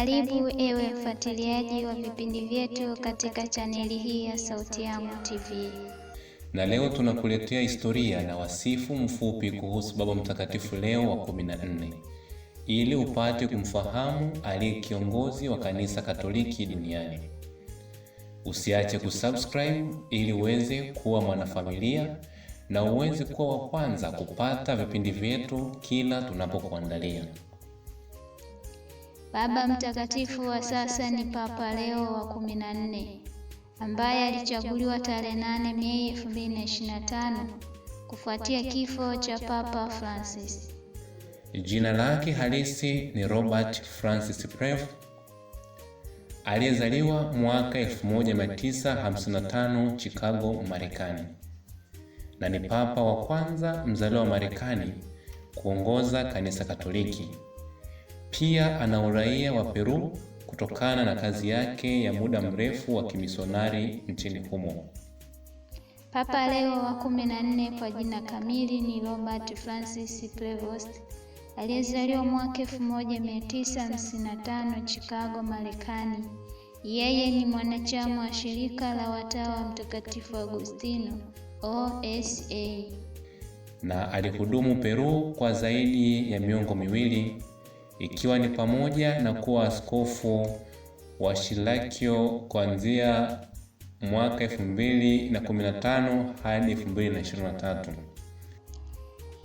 Karibu ewe mfuatiliaji wa vipindi vyetu katika chaneli hii ya Sauti Yangu TV. Na leo tunakuletea historia na wasifu mfupi kuhusu Baba Mtakatifu Leo wa 14 ili upate kumfahamu aliye kiongozi wa kanisa Katoliki duniani. Usiache kusubscribe ili uweze kuwa mwanafamilia na uweze kuwa wa kwanza kupata vipindi vyetu kila tunapokuandalia. Baba Mtakatifu wa sasa ni Papa Leo wa kumi na nne ambaye alichaguliwa tarehe nane Mei 2025 kufuatia kifo cha Papa Francis. Jina lake halisi ni Robert Francis Prev aliyezaliwa mwaka 1955 Chicago, Marekani na ni papa wa kwanza mzaliwa wa Marekani kuongoza kanisa Katoliki. Pia ana uraia wa Peru kutokana na kazi yake ya muda mrefu wa kimisionari nchini humo. Papa Leo wa kumi na nne kwa jina kamili ni Robert Francis Prevost aliyezaliwa mwaka 1955 Chicago, Marekani. Yeye ni mwanachama wa shirika la watawa wa Mtakatifu Agustino OSA, na alihudumu Peru kwa zaidi ya miongo miwili ikiwa ni pamoja na kuwa askofu wa Shilakio kuanzia mwaka 2015 hadi 2023.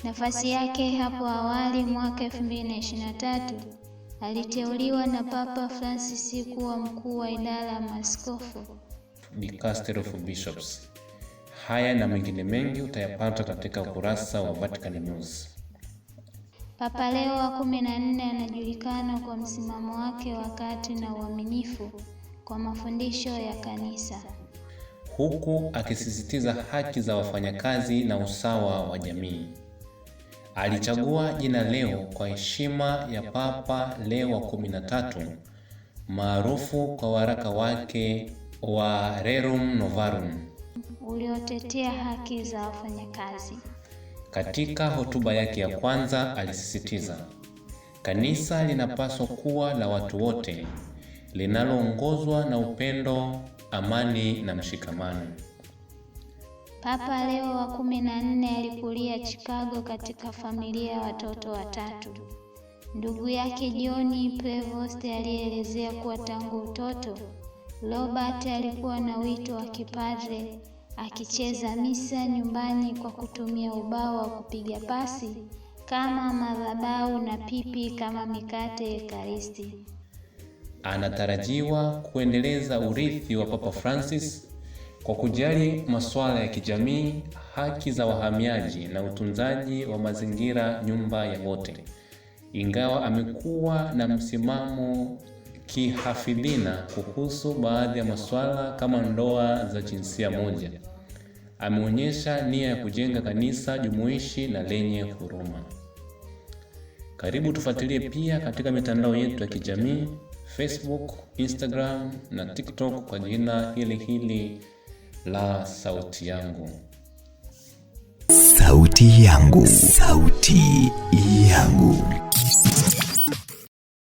Nafasi yake hapo awali mwaka 2023 aliteuliwa na Papa Francis kuwa mkuu wa idara ya maskofu Dicastery of Bishops. Haya na mengine mengi utayapata katika ukurasa wa Vatican News. Papa Leo wa kumi na nne anajulikana kwa msimamo wake wa kati na uaminifu kwa mafundisho ya Kanisa, huku akisisitiza haki za wafanyakazi na usawa wa jamii. Alichagua jina Leo kwa heshima ya Papa Leo wa kumi na tatu maarufu kwa waraka wake wa Rerum Novarum uliotetea haki za wafanyakazi. Katika hotuba yake ya kwanza alisisitiza, kanisa linapaswa kuwa la watu wote, linaloongozwa na upendo, amani na mshikamano. Papa Leo wa kumi na nne alikulia Chicago katika familia ya watoto watatu. Ndugu yake John Prevost alielezea kuwa tangu utoto Robert alikuwa na wito wa kipadre akicheza misa nyumbani kwa kutumia ubao wa kupiga pasi kama madhabahu na pipi kama mikate Ekaristi. Anatarajiwa kuendeleza urithi wa Papa Francis kwa kujali masuala ya kijamii, haki za wahamiaji na utunzaji wa mazingira, nyumba ya wote, ingawa amekuwa na msimamo kihafidhina kuhusu baadhi ya masuala kama ndoa za jinsia moja. Ameonyesha nia ya kujenga kanisa jumuishi na lenye huruma. Karibu tufuatilie pia katika mitandao yetu ya kijamii Facebook, Instagram na TikTok kwa jina hili hili la Sauti Yangu. Sauti Yangu, Sauti Yangu.